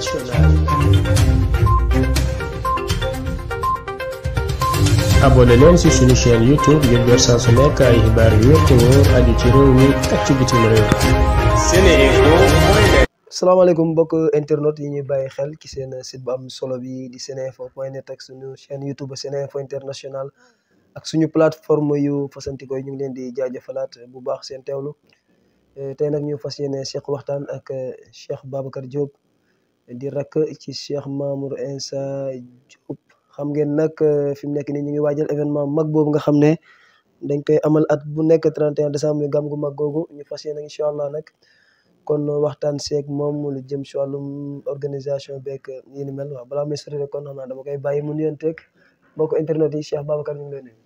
internationale. abonné leen ci suñu chaîne youtube ngir jot saa su nekk ay xibaar yu wér te wóor ci réew mi ak ci réew. salaamaaleykum mbokk internet yi ñuy bàyyi xel ci seen site bu am solo bi di seneinfo point net ak suñu chaîne youtube seneinfo international ak suñu plateforme yu fasantikoo yi ñu ngi leen di jaajëfalaat bu baax seen teewlu eh, tey nag ñu fas yéene Cheikh waxtaan ak Cheikh babakat Diop. di rakk ci Cheikh Mamour Insa Diop xam ngeen nag euh, fi mu nekk nii ñu ngi waajal événement mag boobu nga xam ne dañ koy amal at bu nekk 31 décembre gam gu mag googu ñu fas yéene incha allah nag kon waxtaan seeg moom lu jëm si wàllum organisation beeg yi ni mel waaw balaa muy sori rek kon xam naa dama koy bàyyi mu nuyonteeg mbokk internet yi Cheikh Babacar ñu ngi lay nuyu.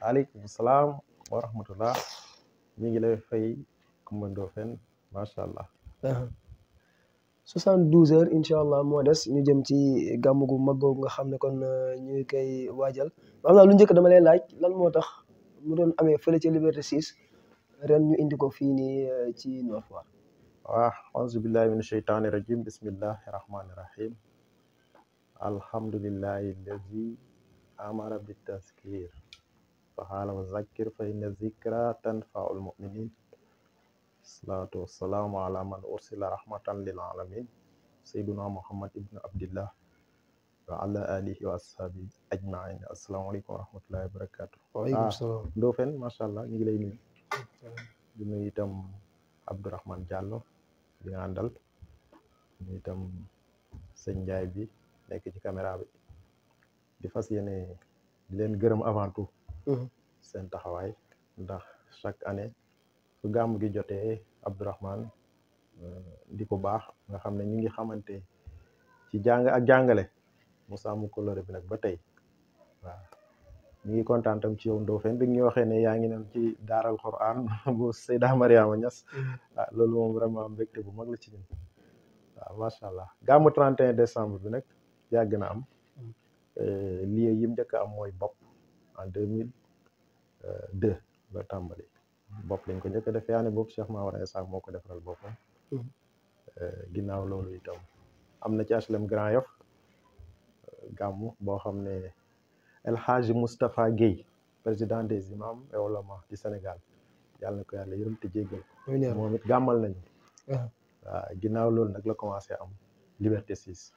waaleykum salaam wa rahmatullah ñu ngi lay fay Coumba Ndoffène macha allah. 72 heures incha allah moo des ñu jëm ci gàmm gu mag googu nga xam ne kon euh, ñu ngi koy waajal xam naa lu njëkk dama lay laaj lan moo tax mu doon amee fële ca Liberté 6 ren ñu indi ko fii nii euh, ci Nord Foire. waaw ah, auzu billahi min sheytaani rajim bismillahi rahmaani rahim alhamdulillahi allazi amara bi tazkir fa xaala wa fa inna zikra tanfaul muminin salaatu wassalaamu ala man ursila rahmatan lil alamin sayduna muhammad ibnu abdillah wa ala alihi wa ashaabi ajmain asalaamaaleykum wa rahmatullahi wa barakatu waaleykum ah, salaam allah ñu ngi lay nuyu di nuyu itam Abdourahman Diallo di nga bi nekk ci caméra bi di fas yéene leen gërëm avant tout mhm. taxawaay ndax chaque année su gàmm gi jotee Abdourahman euh, di ko baax nga xam ne ñu ngi xamante ci jàng ak jàngale mu sàmm coloré bi nag ba tey waaw ñu ngi kontaan tam ci yow Ndofène bi ñu waxee ne yaa ngi nam ci daaral Quran bu Seyda Mariama ñas mm-hmm. ah loolu moom vraiment mbégte bu mag la ci ñun waaw macha allah gàmmu 31 décembre bi nag yàgg na am mm-hmm. euh, lieu yim njëkk am mooy bopp en 2002 euh, la tàmbali. bopp lañ ko njëkk a def yaane boobu Cheikh Mamour Aïssa moo ko defaral boppam hmm. eh, ginnaaw loolu itam am na ci HLM Grand Yoff eh, gàmmu boo xam ne El Hadji Moustapha Guèye président des imams et di Sénégal yàlla na ko yàlla yërëm te jéggal ko moom it gàmmal nañu ah. waaw ginnaaw loolu nag la commencé am liberté 6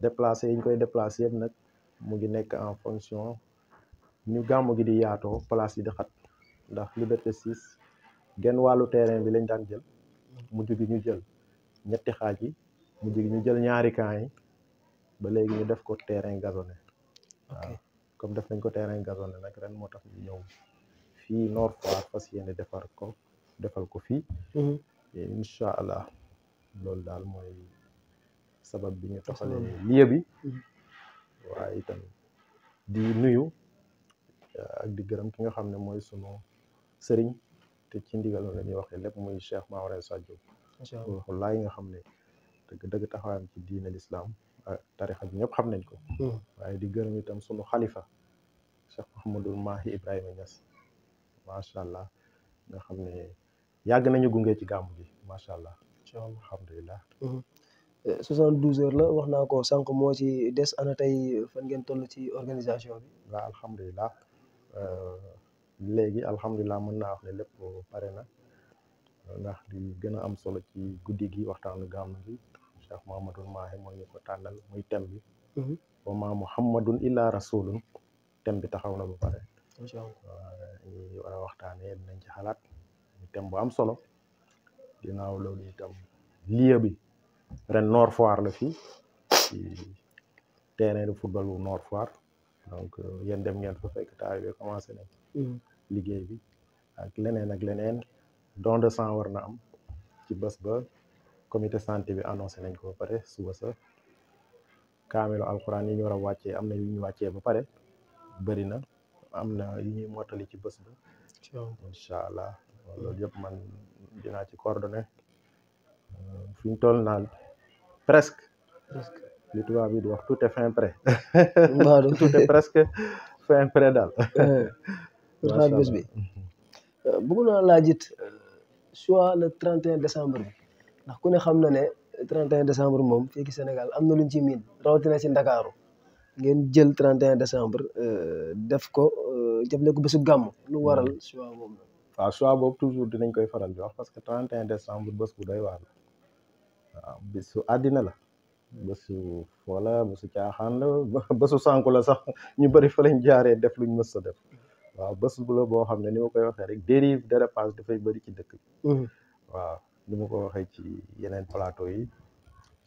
déplacé yi koy déplacé yëpp nag mu ngi nekk en fonction ñu gàmmu gi di yaatoo place yi di xat ndax Liberté 6 genn wàllu terrain bi lañ daan jël mujj gi ñu jël ñetti xaaj yi mujj gi ñu jël ñaari camp yi ba léegi ñu def ko terrain gazonné waaw comme def nañ ko terrain gazonné nag ren moo tax ñu ñëw fii Nord Foire fas yéene defar ko defal ko fii mhm. incha allah loolu daal mooy sabab bi ñu toxalee lieu bi mhm. waaye itam di nuyu ak di gërëm ki nga xam ne mooy sunu sëriñ te ci ndigal la ñuy waxee lépp muy Cheikh Maodo Sadio. incha allah waxu laay nga xam ne dëgg dëgg taxawaayam ci diine lislaam ah, tarixa bi ñëpp xam nañ ko. Hmm. waaye di gërëm itam sunu xalifa Cheikh Mouhamadul Mahi Ibrahima Niass macha allah nga xam ne yàgg nañu gunge ci gàmm bi macha allah. incha allah alhamdulilah. 72 hmm. eh, heures la wax naa ko sànq moo ci des ana tey fan ngeen toll ci organisation bi. waaw alhamdulilah. Euh, léegi alhamdulilah mën naa wax ne lépp pare na ndax li gën a am solo ci guddi gi waxtaanu gàmmu gi Cheikh Mouhamadoul Mahi moo ñu ko tànnal muy thème bi mhm. wa maa muhammadun illaa rasulun thème bi taxaw na bu pare ñu war a waxtaanee ci xalaat thème bu am solo ginnaaw loolu itam lieu bi ren Nord Foire la fii ci terrain de football bu Nord Foire donc yéen dem ngeen fa fekk taay bi commencé nañ mhm. liggéey bi ak leneen ak leneen don de sang war am ci bés ba comité santé bi annoncé nañ ko ba pare suba sa kaamelu alxuraan yi ñu war a wàccee am na yu ñu wàccee ba pare bëri na am na yu ñuy mottali ci bés ba incha allah loolu yëpp man dinaa ci coordonné fi ñu toll naa presque li tubaab bi di wax tout est fin prêt tout est presque fin prêt daal eh. pour xaar bés bi euh, bëgg naa laajit euh, soit le 31 décembre bi ndax ku ne xam na ne 31 décembre moom fii ci Sénégal am na luñ ci miin rawatina ci Ndakaaru ngeen jël 31 décembre euh, def ko jëfle ko bésu gàmm lu waral mm-hmm. soit moom la. waaw boobu toujours dinañ koy faral di wax parce que 31 décembre bés bu doy waar la waaw bésu àddina la bésu foo la bésu caaxaan la bésu sànku la sax ñu bëri fa lañ jaaree def luñ mës a def. waaw bés bu la boo xam ne ni koy waxee rek dérive dérapage dafay bëri ci dëkk bi mm-hmm. waaw ni ma ko waxee ci yeneen plateau yi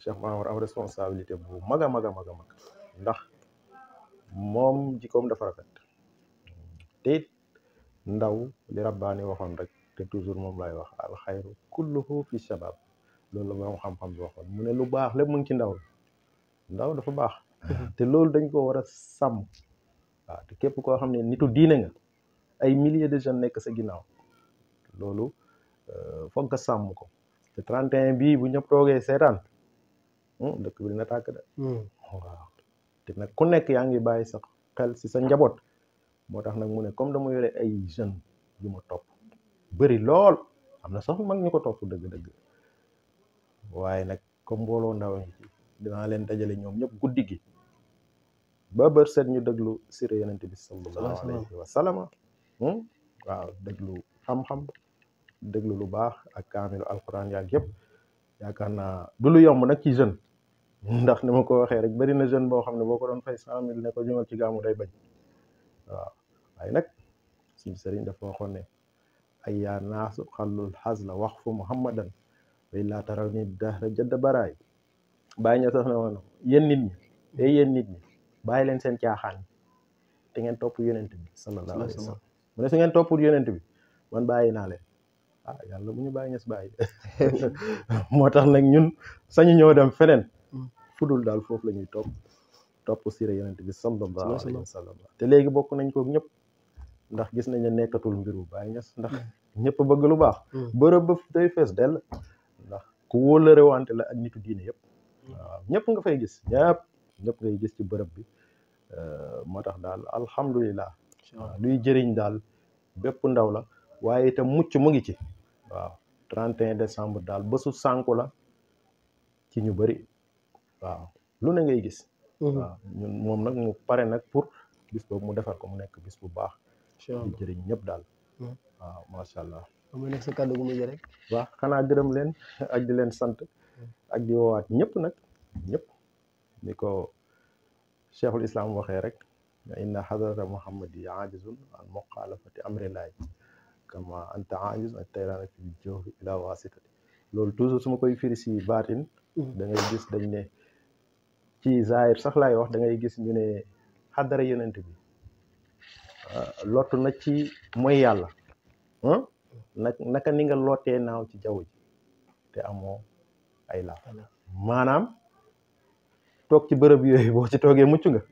Cheikh Mahamar am responsabilité bu mag a mag a mag ndax moom jikkoom dafa rafet te it ndaw li rabbaani waxoon rek te toujours moom lay wax alxayru kulluhu fi shabab loolu la moom xam-xam bi waxoon mu ne lu baax lépp mu ngi ci ndaw ndaw dafa baax mm-hmm. te loolu dañ ko war a sàmm waaw te képp koo xam ne nitu diine nga ay millier de jeune nekk sa ginnaaw loolu euh, foog nga sàmm ko te 31 bii bu ñëpp toogee seetaan hmm, dëkk bi dina tàkk hmm. te nag ku nekk yaa ngi bàyyi sa xel si sa njaboot moo tax nag mu ne comme dama yore ay jeunes yu ma topp bëri lool am na sax mag ñu ko topp dëgg-dëgg waaye nag comme mbooloo ndaw dinaa leen dajale ñoom ñëpp guddi gi. ba bër set ñu déglu sira yonent bi sallallahu alayhi wa sallam hmm? waaw déglu xam-xam déglu lu baax ak kaamilu alquran yaag yëpp yaakaar naa du lu yomb nag ci jeune ndax ni ma ko waxee rek bari na jeune boo xam ne boo ko doon fay cent mille ne ko jumal ci gàmmu day bañ waaw waaye nag suñu sëriñ dafa waxoon ne ay yaa naasu xallul xazla wax fu muhammadan way laa taraw ni dahra jadda baraay bàyyi ña sax ne woon yéen nit ñi eh bàyyi leen seen caaxaan te ngeen topp yonent bi sallallahu alayhi wa sallam ngeen toppul yonent bi man bàyyi naa leen ah yàlla bu ñu bàyyi ñes bàyyi moo tax nag ñun sañu ñëw dem feneen mm. fudul daal foofu la ñuy topp topp sira yonent bi sallallahu alayhi wa sallam te léegi bokk nañ koog ñëpp ndax gis nañ ne nekkatul mbiru bàyyi ñes ndax mm. ñëpp bëgg lu baax mm. bërëb ba day fees dell ndax ku wóolëre wante la ak nitu diine yëpp waaw ñëpp nga fay gis ñëpp ñépp ngay gis ci bërëb bi euh, moo tax daal alhamdulilah waaw luy jëriñ daal bépp ndaw la waaye itam mucc mu ngi ci waaw 31 décembre daal bésu sànku la ci ñu bëri waaw lu ne ngay gis mhm. waaw moom nag mu pare nag pour gis boobu mu defar ko mu nekk bis bu baax luy jëriñ ñëpp daal mhm. waaw macha allah mu nekk sa kàddu gu mujj rek waaw xanaa gërëm leen ak di leen sant mhm. ak di woowaat ñëpp nag ñëpp ni ko cheikhul islam waxee rek inna xadrata muhammadi ajizun an muqalafati amrillahi kama anta ajiz an tayraana fi jawfi ila wasitati loolu toujours suma koy firi si baatin mm-hmm. da ngay gis dañ ne ci zaahir sax laay wax da ngay gis ñu ne xaddara yonent bi ah, lottu na ci mooy yàlla ah, nag naka ninga loote naaw ci jaww ji te amoo ay laaf maanaam toog ci bërëb yooyu boo ci toogee mucc nga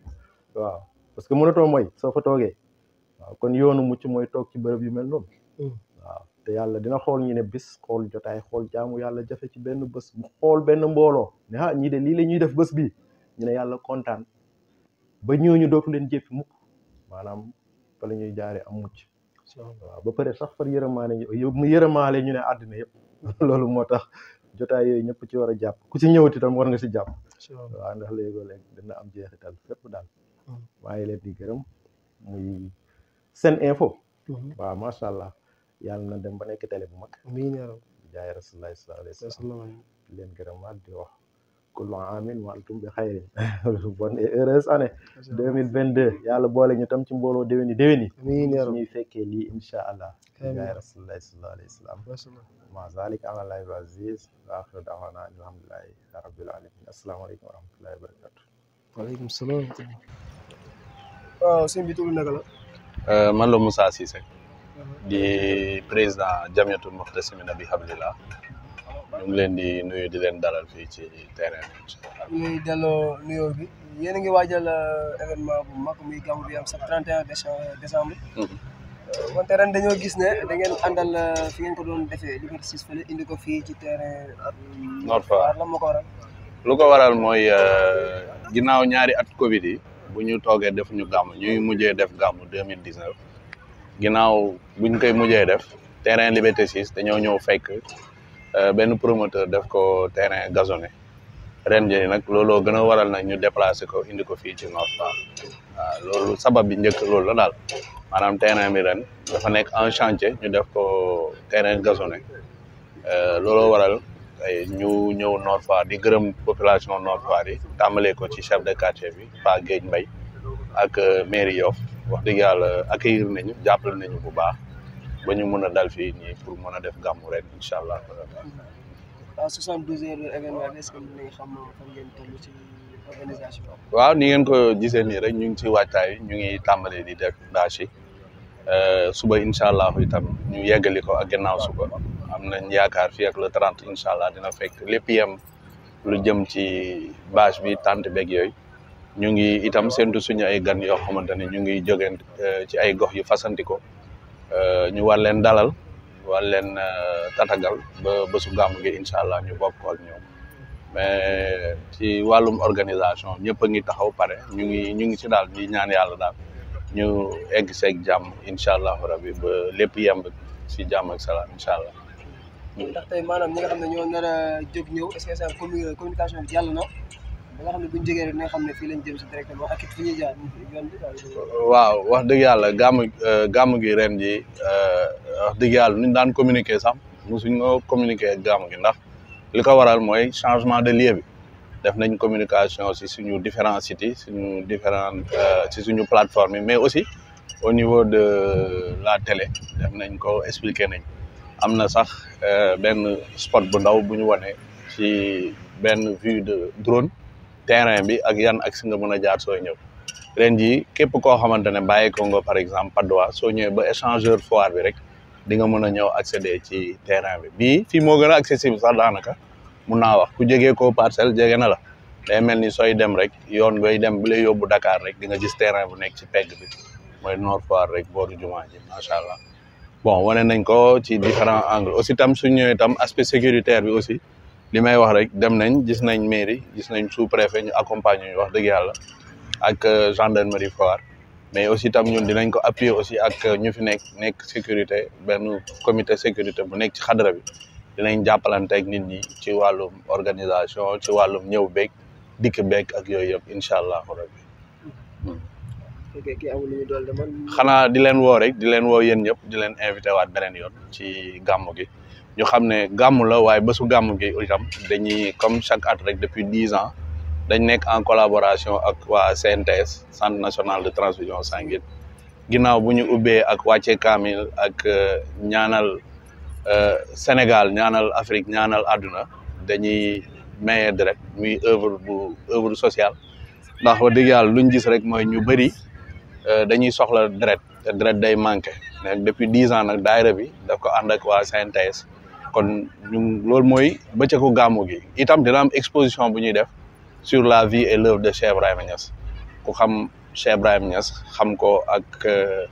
waaw parce que mënatoo mooy soo fa toogee waaw kon yoonu mucc mooy toog ci bërëb yu mel noonu mm. waaw te yàlla dina xool ñu ne bis xool jotaay xool jaamu yàlla jafe ci benn bës mu xool benn mbooloo ne ah ñii de lii la ñuy def bës bi ñu ne yàlla kontaan ba ñu dootu leen jéppi mukk maanaam fa la ñuy jaaree am mucc waaw ba pare sax far yërëmaale ñu yërëmaale ñu ne àddina yëpp loolu moo tax jotaay yooyu ñëpp ci war a jàpp ku si ñëwati tam war nga si jàpp waaw ndax léegoo-léeg na am jeexital fépp daal hmm. maa ngi leen di gërëm muy seen info hmm. waaw macha allah yàlla na dem ba nekk tele bu mag amiin jaay rasulilah sallallahu alayhi wa sallam leen gërëm waat di wax kullu amin wa antum bi xayrin bonne et heureuse année mille vingt deux yàlla boole ñu tam ci mbooloo déwéni déwéni ni fekkee lii incha allah gaay rasulillahi sallallahu alayhi wa sallam ma zalik alallah bi aziz wa axiru dawana alhamdulilahi rabbil alamin asalaamaaleykum wa rahmatullahi wa barakatu waaleykum salaam waaw sëñ bi tudd la euh, man la Moussa Cissé uh-huh. di président jamiatul muxtasimina bi hablillah ñu ngi leen di nuyu di leen dalal fii ci terrain bi. daloo delloo bi yéen a ngi waajal euh, événement bu mag muy gàmmu bi am sax 31 décembre. Mhm. Euh, wante teren dañoo gis ne da ngeen àndal euh, fi ko doon defee li ko fii ci terrain. Nord Foire lan moo ko waral. lu ko waral mooy ginnaaw ñaari at Covid yi bu ñu toogee defuñu gàmm ñuy mujjee def gàmm 2019 ginnaaw buñ koy mujjee def terrain Liberté 6 dañoo ñëw fekk. Euh, benn promoteur def ko terrain gazonné ren jii nag looloo gën a waral nag ñu déplacé ko indi ko fii ci Nord Foire waaw loolu sabab bi njëkk loolu la daal maanaam terrain bi ren dafa nekk en changé ñu def ko terrain gazonné euh, looloo waral ñu ñëw Nord Foire di gërëm population Nord Foire yi tàmbalee ko ci chef de quartier bi Pa Guèye Mbaye ak euh, mairie Yoff wax dëgg yàlla accueillir nañu jàppale nañu bu baax ba ñu mën a dal fi ñi pour mën a def gàmmu ren incha allah. waaw mm-hmm. ah, 72 heures événement est-ce xam euh, fan waaw ni ngeen ko gisee nii rek ñu ngi ci waajtaay ñu ngi tàmbali di def daas yi euh, suba incha allah itam ñu yeggali ko ak gannaaw suba am nañ yaakaar fii ak le 30 incha allah dina fekk lépp yem lu jëm ci bâche bi tante beeg yooyu ñu ngi itam séntu suñu ay gan yoo xamante ne ñu ngi jóge euh, ci ay gox yu fasanti Euh, ñu war leen dalal war leen euh, tatagal ba bésu gàmm gi incha allah ñu bokk wal ñoom mais ci wàllum organisation ñëpp a ngi taxaw pare ñu ngi ñu ngi si daal ñu ñaan yàlla daal ñu egg seeg jàmm incha allah rabi ba lépp yemb si jàmm ak salaam incha allah. ndax tey maanaam ñi xam ne ñoo nar a ñëw est-ce que communication bi jàll na. ba nga xam nga xam ne fii lañ jëm si directeur wax waaw wax dëgg yàlla gàmm euh, gàmm gi ren ji euh, wax dëgg yàlla nuñ daan communiquer sax mosuñ nga communiquer ak gàmm gi ndax li ko waral mooy changement de lieu bi def nañ communication si suñu différents sites suñu différents euh, si suñu plateforme mais aussi au niveau de la télé def nañ ko expliquer nañ am na sax benn spot bu ndaw bu ñu wane ci benn vue de drone terrain bi ak yan ak nga mën a jaar sooy ñëw ren jii képp koo xamante ne bàyyi ko nga par exemple Padois soo ñëwee ba échangeur foire bi rek di nga mën a ñëw accéder ci terrain bi bii fii moo gën a accessible sax daanaka mun naa wax ku jege ko parcelle jege na la day mel ni sooy dem rek yoon ngay dem bi lay yóbbu Dakar rek di nga gis terrain bu nekk ci pegg bi mooy Nord Foire rek boo booru jumaa ji macha allah bon wane nañ ko ci différents angles aussi tam su ñëwee tam aspect sécuritaire bi aussi li may wax rek dem nañ gis nañ mairie gis nañ sous préfet ñu accompagner ñu wax dëgg yàlla ak euh, gendarmerie Foire mais aussi tam ñun dinañ ko appuyer aussi ak euh, ñu fi nekk nekk sécurité benn comité sécurité bu nekk ci xadra bi dinañ jàppalante ak nit ñi ci wàllum organisation ci wàllum ñëw beek dikk beeg ak yooyu yëpp incha allahu rabbi hmm. xanaa di leen woo rek di leen woo yéen ñëpp di leen invité waat beneen yoon ci gàmmu gi ñu xam ne gàmm la waaye bésu gàmm gi itam dañuy comme chaque at depuis dix ans dañ nekk en collaboration ak waa CNTS centre national de transfusion sanguine ginnaaw bu ñu ubbee ak wàcce kaamil ak euh, ñaanal euh, Sénégal ñaanal Afrique ñaanal àdduna dañuy maye direct muy œuvre bu œuvre sociale ndax wax dëgg yàlla luñ gis rek mooy ñu bëri euh, dañuy soxla diret te day manqué depuis dix ans nag daayira bi daf ko ànd ak waa CNTS kon ñu loolu mooy bëccëgu gàmmu gi itam dina am exposition bu ñuy def sur la vie et l'œuvre de Cheikh Ibrahima Niass ku xam Cheikh Ibrahima Niass xam ko ak euh,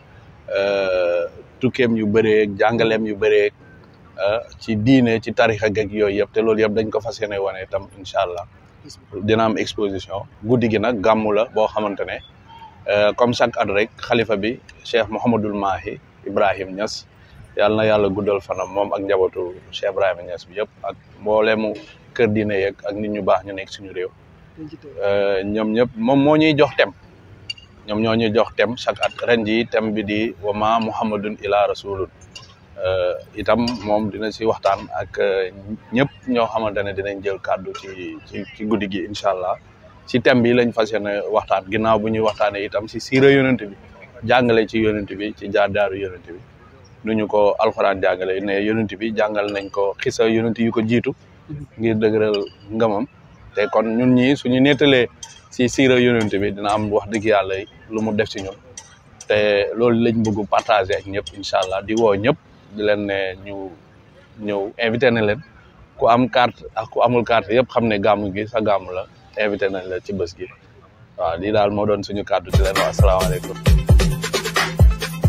euh, tukkeem yu bëree jàngaleem yu bëree euh, ci diine ci tarixa ak yooyu yëpp te loolu yëpp dañ ko fas yéene wane itam incha allah dina am exposition guddi gi nag gàmmu la boo xamante ne comme chaque at rek xalifa bi Cheikh Mouhamadul Mahi Ibrahim ñas yàlla na yàlla guddal fanam moom ak njabootu Cheikh Ibrahima Niass bi yëpp ak mboolemu kër diine yeeg ak nit ñu baax ñu nekk suñu réew. Euh, ñoom ñëpp moom moo ñuy jox tem ñoom ñoo ñuy jox tem chaque at ren jii bi di wa ma muhammadun ila rasulun euh, itam moom dina si waxtaan ak euh, ñëpp ñoo xamante ne dinañ jël kàddu ci ci ci guddi gi incha allah ci thème bi lañ fas yéene waxtaan ginnaaw bu ñuy waxtaanee itam si siira yonent bi jàngale ci yonent bi ci jaar jaaru yonent lu ñu ko alxuraan jàngale ne yonent bi jàngal nañ ko xisa yonent yu ko jiitu mm-hmm. ngir dëgëral ngamam te kon ñun ñii suñu nettalee si siira yonent bi dina am wax dëgg yàlla lu mu def si ñun te loolu lañ bëgg partager ak ñëpp incha allah di woo ñëpp di leen ne ñu ñëw invité na leen ku am carte ak ku amul carte yëpp xam ne gàmmu gi sa gàmmu la invité nañ la ci bés gi waaw lii daal moo doon suñu kàddu di leen wax asalaamaaleykum